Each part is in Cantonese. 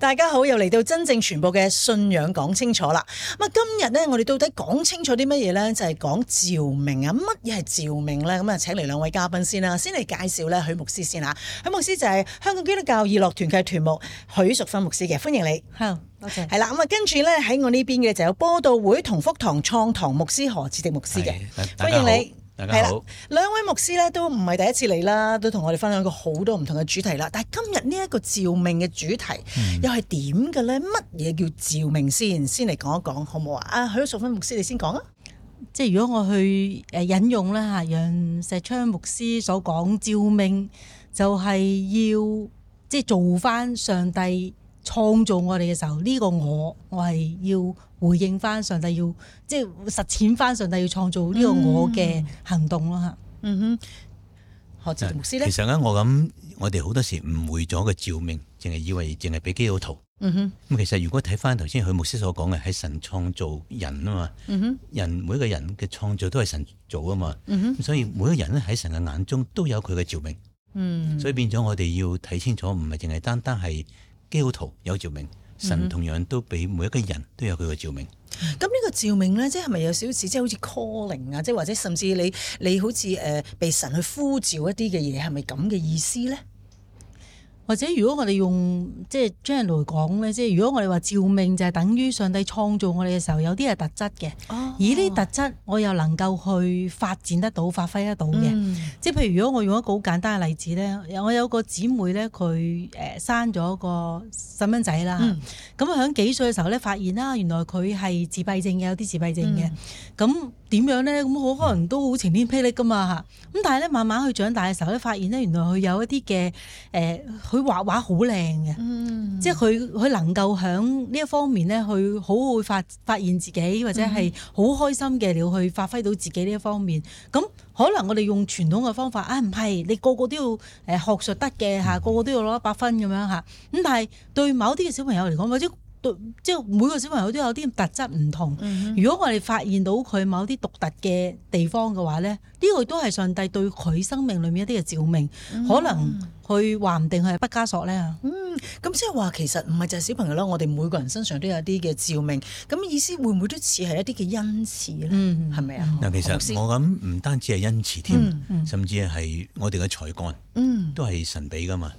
大家好，又嚟到真証傳播嘅信仰講清楚啦。咁啊，今日呢，我哋到底講清楚啲乜嘢呢？就係講召命啊，乜嘢係召命呢？咁啊，請嚟兩位嘉賓先啦，先嚟介紹咧許牧師先吓。許牧師就係香港基督教義樂團嘅團牧許淑芬牧師嘅，歡迎你。好，多謝。係啦，咁啊，跟住呢，喺我呢邊嘅就有播道會同福堂創堂牧師何志滌牧師嘅，歡迎你。係啦，兩、啊、位牧師咧都唔係第一次嚟啦，都同我哋分享過好多唔同嘅主題啦。但係今日呢一個召命嘅主題又係點嘅咧？乜嘢叫召命？先？先嚟講一講好唔好啊？啊，許淑芬牧師你先講啊！即係如果我去誒引用啦吓，讓石昌牧師所講召命就，就係要即係做返上帝創造我哋嘅時候呢、這個我，我係要。回應翻上帝要，即係實踐翻上帝要創造呢個我嘅行動咯吓，嗯哼、mm，何志、hmm. 滌牧師咧，其實咧我諗，我哋好多時誤會咗個召命，淨係以為淨係俾基督徒，咁、mm hmm. 其實如果睇翻頭先許牧師所講嘅，喺神創造人啊嘛，mm hmm. 人每個人嘅創造都係神做啊嘛，mm hmm. 所以每一個人咧喺神嘅眼中都有佢嘅召命，嗯、mm，hmm. 所以變咗我哋要睇清楚，唔係淨係單單係基督徒有召命。嗯、神同樣都俾每一個人都有佢、嗯、個召命。咁呢個召命咧，即係咪有少少似即係好似 calling 啊，即係或者甚至你你好似誒、呃、被神去呼召一啲嘅嘢，係咪咁嘅意思咧？或者如果我哋用即係將來講咧，即、就、係、是、如果我哋話召命就係等於上帝創造我哋嘅時候，有啲係特質嘅。哦、而呢啲特質我又能夠去發展得到、發揮得到嘅。即係、嗯、譬如如果我用一個好簡單嘅例子咧，我有個姊妹咧，佢誒生咗個細蚊仔啦，咁佢喺幾歲嘅時候咧發現啦，原來佢係自閉症嘅，有啲自閉症嘅，咁、嗯。嗯點樣咧？咁好可能都好晴天霹靂噶嘛嚇！咁但係咧，慢慢去長大嘅時候咧，發現咧，原來佢有一啲嘅誒，佢、呃、畫畫好靚嘅，嗯、即係佢佢能夠響呢一方面咧，佢好會發發現自己，或者係好開心嘅，要去發揮到自己呢一方面。咁、嗯、可能我哋用傳統嘅方法啊，哎，唔係你個個都要誒學術得嘅嚇，個個都要攞一百分咁樣嚇。咁但係對某啲嘅小朋友嚟講，或者即係每個小朋友都有啲特質唔同，嗯、如果我哋發現到佢某啲獨特嘅地方嘅話咧，呢、這個都係上帝對佢生命裏面一啲嘅召命，可能佢話唔定係畢加索咧。嗯，咁即係話其實唔係就係小朋友咯，我哋每個人身上都有啲嘅召命，咁意思會唔會都似係一啲嘅恩賜咧？係咪啊？嗱，其實我諗唔單止係恩賜添，嗯嗯、甚至係我哋嘅才幹，都係神俾噶嘛。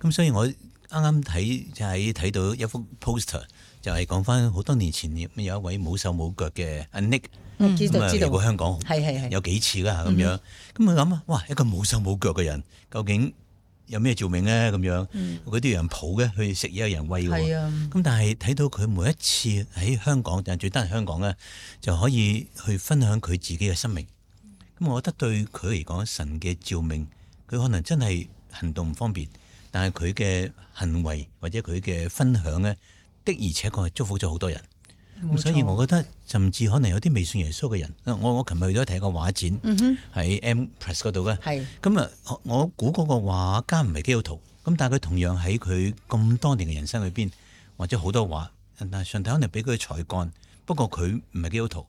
咁所以我。嗯嗯嗯啱啱睇就喺、是、睇到一幅 poster，就係講翻好多年前有一位冇手冇腳嘅阿 Nick 咁啊，嚟過香港，有幾次啦，咁、嗯、樣。咁佢諗啊，哇！一個冇手冇腳嘅人，究竟有咩召命咧？咁樣，嗰啲、嗯、人抱嘅，去食嘢有人喂。咁、啊、但係睇到佢每一次喺香港，但最得係香港咧，就可以去分享佢自己嘅生命。咁我覺得對佢嚟講，神嘅召命，佢可能真係行動唔方便。但係佢嘅行為或者佢嘅分享咧，的而且確祝福咗好多人。錯所以，我覺得甚至可能有啲未信耶穌嘅人，我我琴日去咗睇個畫展，喺、嗯、哼 M Press 嗰度嘅。咁啊是、嗯，我估嗰個畫家唔係基督徒，咁但係佢同樣喺佢咁多年嘅人生裏邊，或者好多畫，但係上帝可能俾佢嘅才幹，不過佢唔係基督徒，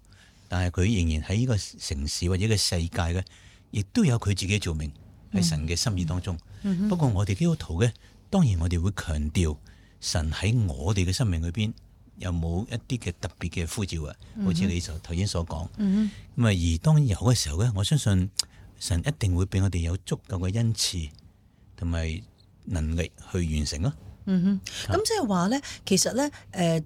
但係佢仍然喺呢個城市或者個世界嘅，亦都有佢自己嘅召命喺神嘅心意當中。嗯不過、嗯、我哋基督徒咧，當然我哋會強調神喺我哋嘅生命嗰邊，有冇一啲嘅特別嘅呼召啊？嗯、哼好似你頭頭先所講，咁啊、嗯哼，而當有嘅時候咧，我相信神一定會俾我哋有足夠嘅恩賜同埋能力去完成咯。嗯哼，咁即係話咧，其實咧，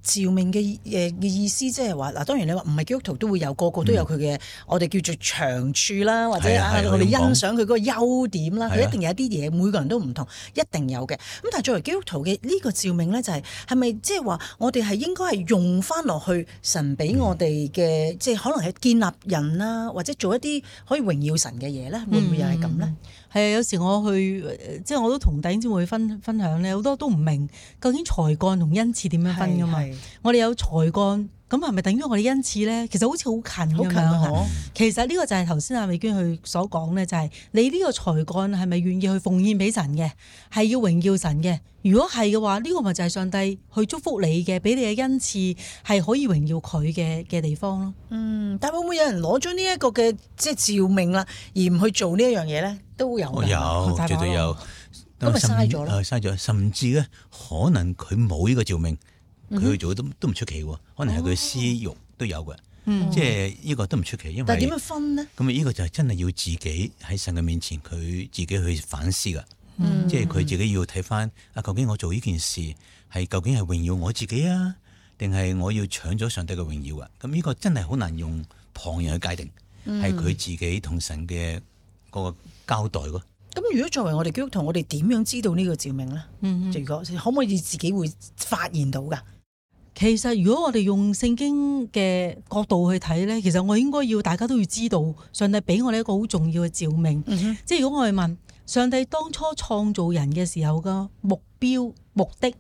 誒召命嘅誒嘅意思即係話嗱，當然你話唔係基督徒都會有，個個都有佢嘅嗯、我哋叫做長處啦，或者啊，我哋欣賞佢個優點啦，佢一定有一啲嘢，嗯、每個人都唔同，一定有嘅。咁但係作為基督徒嘅呢、呢個召命咧，是是就係係咪即係話我哋係應該係用翻落去神俾我哋嘅，即係、嗯、可能係建立人啦，或者做一啲可以榮耀神嘅嘢咧，會唔會又係咁咧？係啊、嗯，有時我去即係我都同弟兄姊妹分分享咧，好多都唔明。究竟才幹同恩賜點樣分噶嘛？是是我哋有才幹，咁係咪等於我哋恩賜咧？其實好似好近咁樣好近，其實呢個就係頭先阿美娟佢所講咧，就係你呢個才幹係咪願意去奉獻俾神嘅，係要榮耀神嘅？如果係嘅話，呢、這個咪就係上帝去祝福你嘅，俾你嘅恩賜係可以榮耀佢嘅嘅地方咯。嗯，但會唔會有人攞咗呢一個嘅即係召命啦，而唔去做呢一樣嘢咧？都有啊，絕對有。咁咪嘥咗甚至咧，呃、至可能佢冇呢個召命，佢去、嗯、做都都唔出奇喎。哦、可能係佢私欲都有嘅，嗯、即係呢個都唔出奇。因為點樣分呢？咁啊，呢個就真係要自己喺神嘅面前，佢自己去反思噶。嗯、即係佢自己要睇翻啊，究竟我做呢件事係究竟係榮耀我自己啊，定係我要搶咗上帝嘅榮耀啊？咁、這、呢個真係好難用旁人去界定，係佢自己同神嘅嗰個交代、嗯咁如果作為我哋基督徒，我哋點樣知道呢個召命呢？如果、嗯、哼可唔可以自己會發現到㗎？其實如果我哋用聖經嘅角度去睇呢，其實我應該要大家都要知道上帝俾我哋一個好重要嘅召命。嗯、哼即係如果我哋問上帝當初創造人嘅時候嘅目標目的，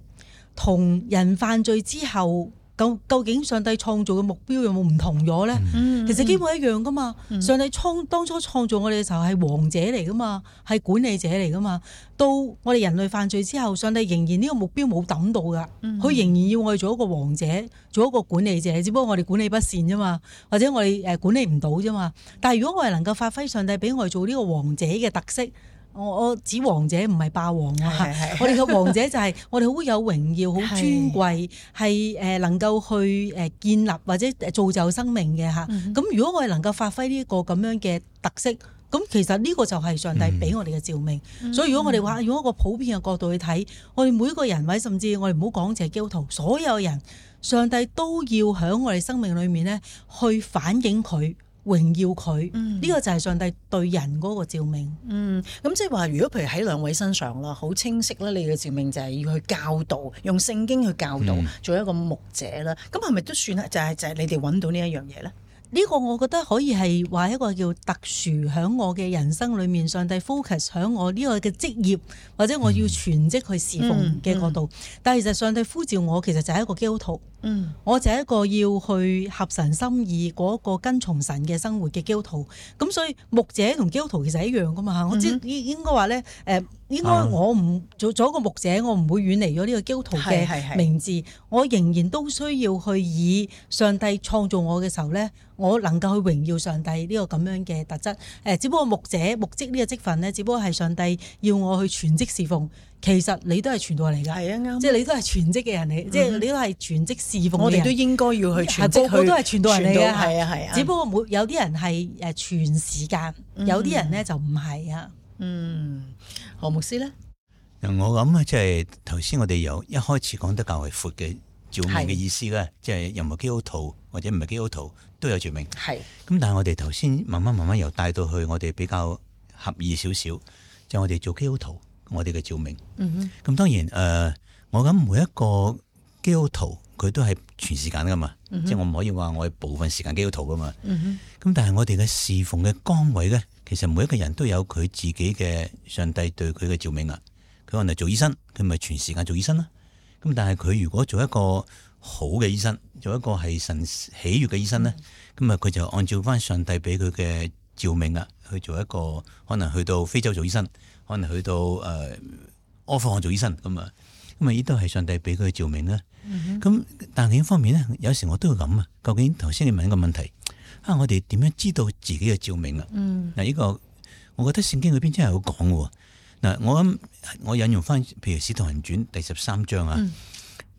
同人犯罪之後。究究竟上帝創造嘅目標有冇唔同咗咧？嗯嗯、其實基本一樣噶嘛。嗯、上帝創當初創造我哋嘅時候係王者嚟噶嘛，係管理者嚟噶嘛。到我哋人類犯罪之後，上帝仍然呢個目標冇等到噶，佢仍然要我哋做一個王者，做一個管理者，只不過我哋管理不善啫嘛，或者我哋誒管理唔到啫嘛。但係如果我哋能夠發揮上帝俾我哋做呢個王者嘅特色。我我指王者唔係霸王喎、啊、嚇，的我哋嘅王者就係我哋好有榮耀、好 尊貴，係誒能夠去誒建立或者造就生命嘅嚇。咁的、嗯、如果我哋能夠發揮呢個咁樣嘅特色，咁其實呢個就係上帝俾我哋嘅照明。嗯、所以如果我哋話用一個普遍嘅角度去睇，我哋每個人位，甚至我哋唔好講淨係基督徒，所有人，上帝都要喺我哋生命裏面咧去反映佢。榮耀佢呢、嗯、個就係上帝對人嗰個召命。咁、嗯、即係話，如果譬如喺兩位身上啦，好清晰啦，你嘅召命就係要去教導，用聖經去教導，嗯、做一個牧者啦。咁係咪都算咧？就係、是、就係、是、你哋搵到呢一樣嘢咧？呢個我覺得可以係話一個叫特殊響我嘅人生裏面，上帝 focus 響我呢個嘅職業，或者我要全職去侍奉嘅角度。嗯嗯嗯、但係其實上帝呼召我，其實就係一個基督徒。嗯，我就係一個要去合神心意嗰個跟從神嘅生活嘅基督徒，咁所以牧者同基督徒其實一樣噶嘛嚇，我知應該應該話咧，誒應該我唔做咗個牧者，我唔會遠離咗呢個基督徒嘅名字，我仍然都需要去以上帝創造我嘅時候咧，我能夠去榮耀上帝呢個咁樣嘅特質，誒只不過牧者、牧職呢個職份咧，只不過係上帝要我去全職侍奉。其實你都係傳道嚟㗎，的即係你都係全職嘅人嚟，嗯、即係你都係全職侍奉嘅人。我哋、嗯、都應該要去傳，個個都係傳道人嚟啊，係啊，係啊。只不過冇有啲人係誒全時間，嗯、有啲人咧就唔係啊。嗯，何牧師咧？我諗啊，即係頭先我哋由一開始講得較為闊嘅召命嘅意思啦，即係任何基督徒或者唔係基督徒都有召命。係的。咁的但係我哋頭先慢慢慢慢又帶到去我哋比較合意少少，就係、是、我哋做基督徒。我哋嘅召命，咁、嗯、哼當然誒、呃，我諗每一個基督徒佢都係全時間噶嘛，嗯、哼即係我唔可以話我係部分時間基督徒噶嘛。咁、嗯、哼但係我哋嘅侍奉嘅崗位咧，其實每一個人都有佢自己嘅上帝對佢嘅召命啊。佢可能做醫生，佢咪全時間做醫生啦。咁但係佢如果做一個好嘅醫生，做一個係神喜悅嘅醫生咧，咁啊佢就按照翻上帝俾佢嘅召命啊，去做一個可能去到非洲做醫生。可能去到誒，我、呃、阿富汗做醫生咁啊，咁啊，亦都係上帝俾佢嘅召命啦。咁、mm hmm. 但另一方面咧，有時我都要諗啊，究竟頭先你問一個問題啊，我哋點樣知道自己嘅召命啊？嗱、mm，呢、hmm. 這個我覺得聖經裏邊真係好講嘅。嗱，我我引用翻，譬如《使徒行傳》第十三章啊。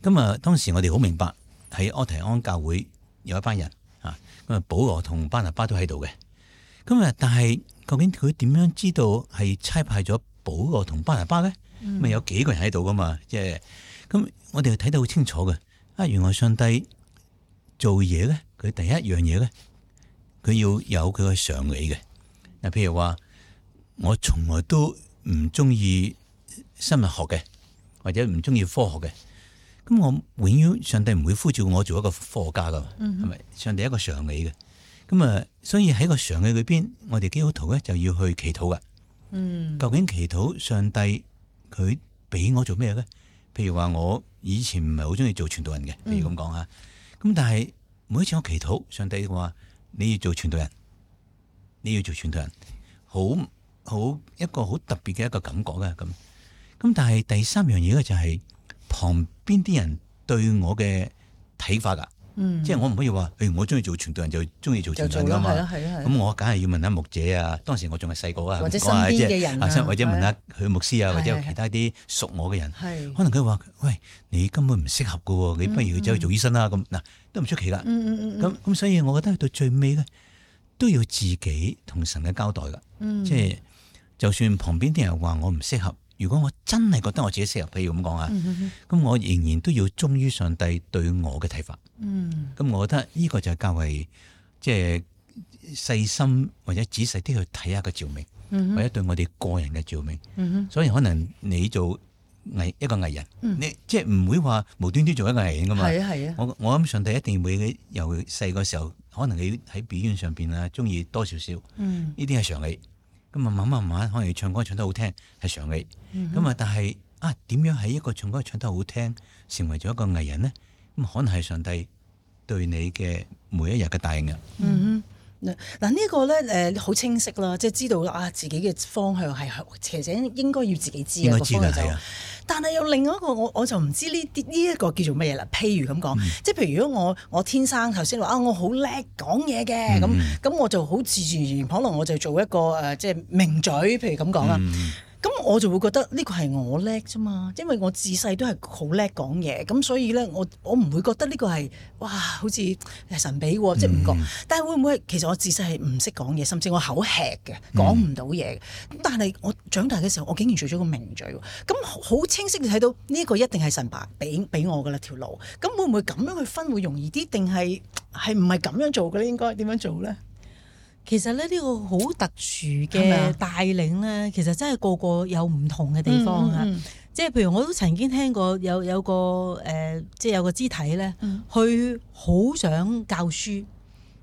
咁啊、mm，hmm. 當時我哋好明白喺安提安教會有一班人啊，咁啊，保羅同巴拿巴都喺度嘅。咁啊！但係究竟佢點樣知道係差派咗保羅同巴拿巴咧？咪、嗯、有幾個人喺度噶嘛？即係咁，我哋睇得好清楚嘅。啊，原來上帝做嘢咧，佢第一樣嘢咧，佢要有佢嘅常理嘅。嗱、啊，譬如話我從來都唔中意生物學嘅，或者唔中意科學嘅。咁我永遠上帝唔會呼召我做一個科學家噶嘛，係咪、嗯哼？上帝一個常理嘅。咁啊，嗯、所以喺個常嘅裏邊，我哋基督徒咧就要去祈禱噶。嗯，究竟祈禱上帝佢俾我做咩咧？譬如話我以前唔係好中意做傳道人嘅，譬如咁講啊。咁、嗯、但係每一次我祈禱，上帝嘅話你要做傳道人，你要做傳道人，好好一個好特別嘅一個感覺嘅咁。咁但係第三樣嘢咧就係旁邊啲人對我嘅睇法噶。嗯、即係我唔可以話，誒、哎，我中意做傳道人就中意做傳道人噶嘛。咁、嗯、我梗係要問下牧者啊，當時我仲係細個啊，或者身邊嘅人啊，或者問下佢牧師啊，的或者其他啲熟我嘅人，的可能佢話，喂，你根本唔適合噶，你不如去走去做醫生啦，啊。咁嗱、嗯，都唔出奇噶。咁咁、嗯嗯嗯，所以我覺得去到最尾咧，都要自己同神嘅交代噶。嗯、即係就算旁邊啲人話我唔適合。如果我真係覺得我自己適合，譬如咁講啊，咁、嗯、我仍然都要忠於上帝對我嘅睇法。咁、嗯、我覺得呢個就係較為即係細心或者仔細啲去睇下個召命，嗯、哼或者對我哋個人嘅召命。嗯、哼所以可能你做藝一個藝人，嗯、你即係唔會話無端端做一個藝人噶嘛。嗯、我我諗上帝一定會由細個時候，可能你喺表演上邊啊，鍾意多少少。呢啲係常理。咁啊，慢慢慢可能唱歌唱得好聽係常理，咁、嗯、哼啊，但係啊，點樣喺一個唱歌唱得好聽，成為咗一個藝人咧？咁可能係上帝對你嘅每一日嘅帶領。嗯哼。嗱，呢個咧誒好清晰啦，即係知道啊自己嘅方向係斜斜應該要自己知個方向、就係、但係有另外一個，我我就唔知呢啲呢一個叫做乜嘢啦。譬如咁講，嗯、即係譬如如果我我天生頭先話啊，我好叻講嘢嘅咁，咁、嗯、我就好自然可能我就做一個誒、呃，即係名嘴。譬如咁講啊。嗯嗯。咁我就會覺得呢個係我叻啫嘛，因為我自細都係好叻講嘢，咁所以咧我我唔會覺得呢個係哇好似神俾喎，即係唔覺。嗯、但係會唔會其實我自細係唔識講嘢，甚至我口吃嘅，講唔到嘢。嗯、但係我長大嘅時候，我竟然做咗個名嘴喎。咁好清晰地睇到呢、呢個一定係神白俾俾我噶啦條路。咁會唔會咁樣去分會容易啲？定係係唔係咁樣做嘅？應該點樣做咧？其實咧，呢個好特殊嘅帶領咧，是是其實真係個個有唔同嘅地方啊！即係、嗯嗯、譬如我都曾經聽過有有個誒、呃，即係有個肢體咧，佢好、嗯、想教書，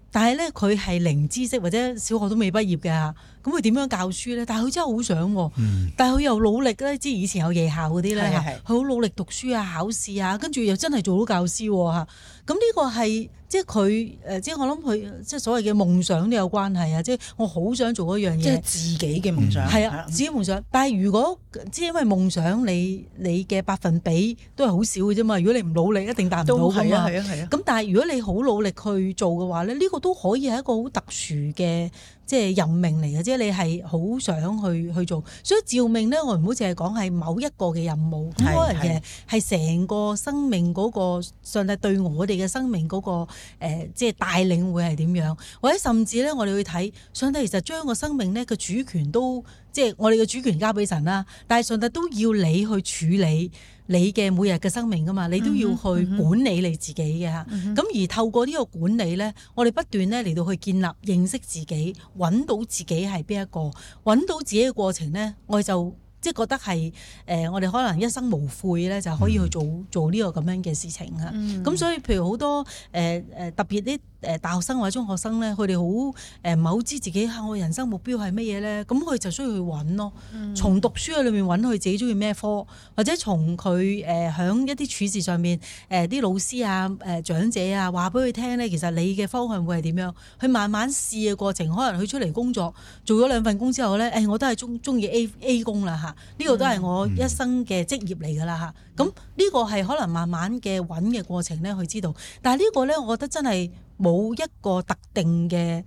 但係咧佢係零知識或者小學都未畢業嘅。咁佢點樣教書咧？但係佢真係好想喎、啊，嗯、但係佢又努力咧。即係以前有夜校嗰啲咧，佢好努力讀書啊、考試啊，跟住又真係做到教師喎、啊、嚇。咁呢個係即係佢誒，即係我諗佢即係所謂嘅夢想都有關係啊。即係我好想做一樣嘢，即係自己嘅夢想。係啊、嗯，自己夢想。但係如果即係因為夢想，你你嘅百分比都係好少嘅啫嘛。如果你唔努力，一定達唔到咁啊。係啊，係啊，係啊。咁但係如果你好努力去做嘅話咧，呢、呢個都可以係一個好特殊嘅。即係任命嚟嘅啫，你係好想去去做，所以召命咧，我唔好淨係講係某一個嘅任務，咁可能其實係成個生命嗰個上帝對我哋嘅生命嗰個、呃、即係帶領會係點樣，或者甚至咧，我哋去睇上帝其實將個生命咧個主權都即係我哋嘅主權交俾神啦，但係上帝都要你去處理。你嘅每日嘅生命噶嘛，你都要去管理你自己嘅吓。咁、嗯嗯、而透過呢個管理咧，我哋不斷咧嚟到去建立認識自己，揾到自己係邊一個，揾到自己嘅過程咧，我哋就。即係覺得係誒、呃，我哋可能一生無悔咧，就可以去做、嗯、做呢個咁樣嘅事情啊！咁、嗯、所以，譬如好多誒誒、呃、特別啲誒大學生或者中學生咧，佢哋好誒唔係好知自己吓我人生目標係乜嘢咧，咁佢就需要去揾咯。從、嗯、讀書喺裏面揾佢自己中意咩科，或者從佢誒響一啲處事上面誒啲、呃、老師啊誒、呃、長者啊話俾佢聽咧，其實你嘅方向會係點樣？佢慢慢試嘅過程，可能佢出嚟工作做咗兩份工之後咧，誒、欸、我都係中中意 A A 工啦吓。呢個都係我一生嘅職業嚟噶啦吓，咁呢、嗯、個係可能慢慢嘅揾嘅過程咧，去知道，但係呢個咧，我覺得真係冇一個特定嘅。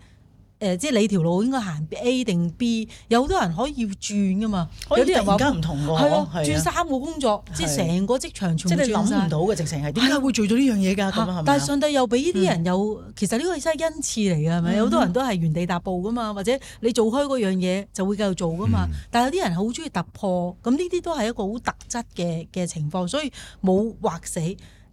誒，即係你條路應該行 A 定 B，有好多人可以轉㗎嘛？有啲人而家唔同㗎，係的轉三個工作，的即係成個職場全部都諗唔到嘅，直情係點解會做到呢樣嘢㗎？咁啊，係咪、啊？但係上帝又俾呢啲人有，嗯、其實呢個係真係恩賜嚟㗎，係咪？有好多人都係原地踏步㗎嘛，或者你做開嗰樣嘢就會繼續做㗎嘛。嗯、但係有啲人好中意突破，咁呢啲都係一個好特質嘅嘅情況，所以冇劃死。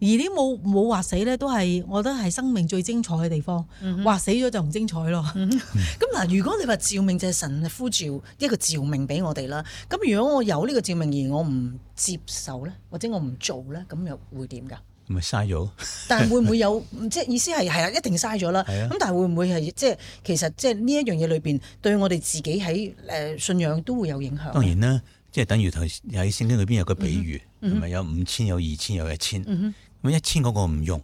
而啲冇冇話死咧，都係我覺得係生命最精彩嘅地方。話、嗯、哼死咗就唔精彩咯。咁 嗱，如果你話召命，就係神呼召一個召命俾我哋啦。咁如果我有呢個召命，而我唔接受咧，或者我唔做咧，咁又會點㗎？咪嘥咗？但係會唔會有即係意思係係啊？一定嘥咗啦。咁 但係會唔會係即係其實即係呢一樣嘢裏邊對我哋自己喺誒信仰都會有影響？當然啦，即係等於頭喺聖經裏邊有個比喻，咪、嗯、哼有五千，有二千，有一千？ 咁一千嗰個唔用，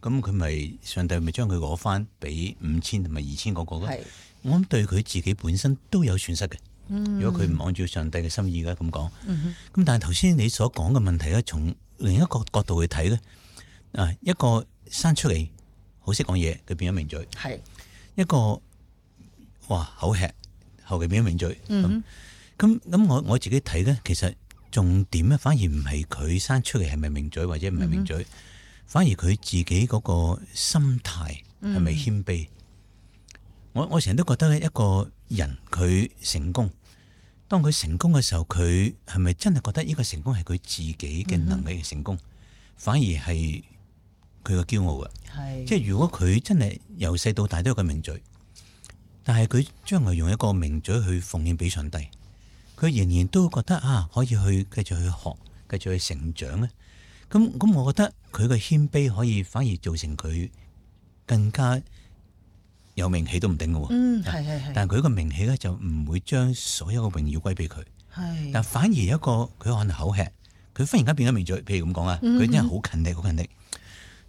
咁佢咪上帝咪將佢攞返俾五千同埋二千嗰個咧？是我諗對佢自己本身都有損失嘅。嗯、如果佢唔按照上帝嘅心意咧咁講，咁、嗯、哼但係頭先你所講嘅問題咧，從另一個角度去睇咧，啊一個生出嚟好識講嘢，佢變咗名嘴；係是一個哇口吃，後期變咗名嘴。咁咁咁，嗯、我我自己睇咧，其實。重點咧，反而唔係佢生出嚟係咪名嘴或者唔係名嘴，mm hmm. 反而佢自己嗰個心態係咪謙卑？Mm hmm. 我我成日都覺得咧，一個人佢成功，當佢成功嘅時候，佢係咪真係覺得呢個成功係佢自己嘅能力嘅、mm hmm. 成功？反而係佢嘅驕傲嘅，mm hmm. 即係如果佢真係由細到大都有個名嘴，但係佢將來用一個名嘴去奉獻俾上帝。佢仍然都覺得啊，可以去繼續去學，繼續去成長咧。咁咁，我覺得佢個謙卑可以反而造成佢更加有名氣都唔定嘅喎。嗯。係係係。但佢個名氣咧就唔會將所有嘅榮耀歸俾佢。係。但反而有一個佢可能口吃，佢忽然間變咗名嘴。譬如咁講啊，佢真係好勤力，好勤力。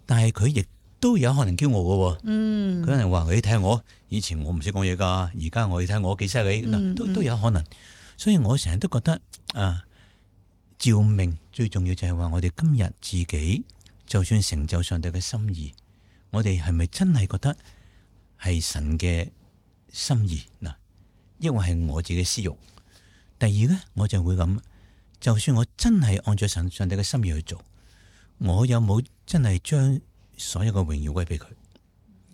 但係佢亦都有可能驕傲嘅喎。嗯。有人話：你睇我以前我唔識講嘢㗎，而家我睇我幾犀利都都有可能。所以我成日都覺得啊，召命最重要就係話我哋今日自己就算成就上帝嘅心意，我哋係咪真係覺得係神嘅心意嗱？抑或係我自己私欲。第二咧我就會諗，就算我真係按住上上帝嘅心意去做，我有冇真係將所有嘅榮耀歸俾佢？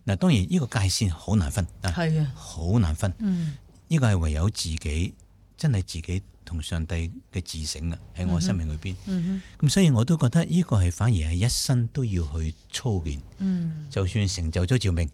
嗱、啊，當然呢個界線好難分，係的啊，好難分。嗯，呢個係唯有自己。真係自己同上帝嘅自省啊！喺我生命裏邊，咁、mm hmm. 所以我都覺得呢個係反而係一生都要去操練。Mm hmm. 就算成就咗召命，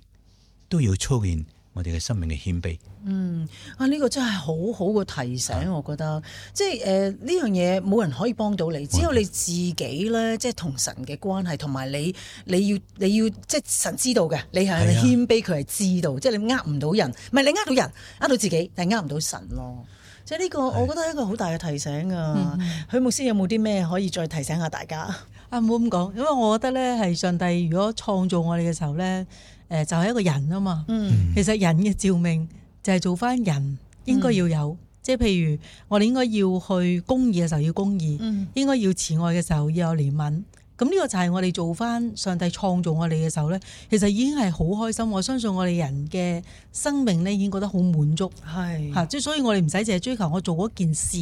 都要操練我哋嘅生命嘅謙卑。嗯、mm，hmm. 啊、呢、這個真係好好嘅提醒，啊、我覺得即係誒呢樣嘢冇人可以幫到你，只有你自己咧，即係同神嘅關係，同埋你你要你要，你要即係神知道嘅，你係、啊、謙卑，佢係知道，即係你呃唔到人，唔係你呃到人，呃到自己，但係呃唔到神咯。即係呢個，我覺得係一個好大嘅提醒啊。嗯嗯、許牧師有冇啲咩可以再提醒下大家？啊，唔好咁講，因為我覺得咧係上帝如果創造我哋嘅時候咧，誒、呃、就係、是、一個人啊嘛。嗯、其實人嘅照命召命就係做翻人應該要有，嗯、即係譬如我哋應該要去公義嘅時候要公義，嗯、應該要慈愛嘅時候要有憐憫。咁呢個就係我哋做翻上帝創造我哋嘅時候咧，其實已經係好開心。我相信我哋人嘅生命咧已經覺得好滿足。係嚇是，即係、啊、所以我哋唔使淨係追求我做嗰件事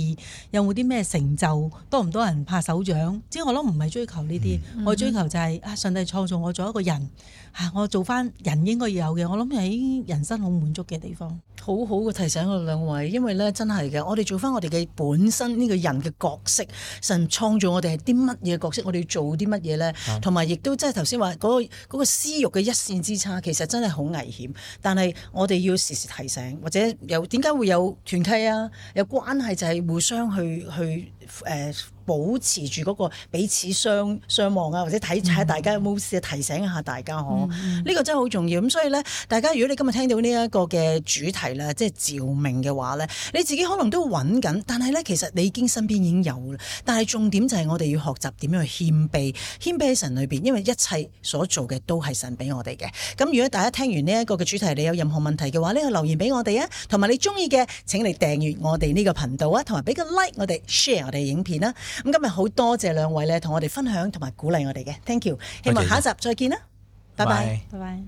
有冇啲咩成就，多唔多人拍手掌。即係我諗唔係追求呢啲，嗯、我追求就係、是、啊，上帝創造我做一個人嚇、啊，我做翻人應該要有嘅。我諗喺人生好滿足嘅地方，好好嘅提醒我兩位，因為咧真係嘅，我哋做翻我哋嘅本身呢個人嘅角色，神創造我哋係啲乜嘢角色，我哋做啲。啲乜嘢咧？同埋亦都即係頭先話嗰個嗰個私欲嘅一線之差，其實真係好危險。但係我哋要時時提醒，或者有點解會有團契啊？有關係就係互相去去誒。呃保持住嗰個彼此相相望啊，或者睇下大家有冇事提醒一下大家呵。呢、mm hmm. 個真係好重要。咁所以咧，大家如果你今日聽到呢一個嘅主題咧，即係召命嘅話咧，你自己可能都揾緊，但係咧其實你已經身邊已經有啦。但係重點就係我哋要學習點樣去謙卑，謙卑喺神裏邊，因為一切所做嘅都係神俾我哋嘅。咁如果大家聽完呢一個嘅主題，你有任何問題嘅話，呢個留言俾我哋啊，同埋你中意嘅請你訂閱我哋呢個頻道啊，同埋俾個 like 我哋 share 我哋影片啦。咁今日好多謝兩位咧，同我哋分享同埋鼓勵我哋嘅，Thank you。希望下一集再見啦，拜拜，拜拜。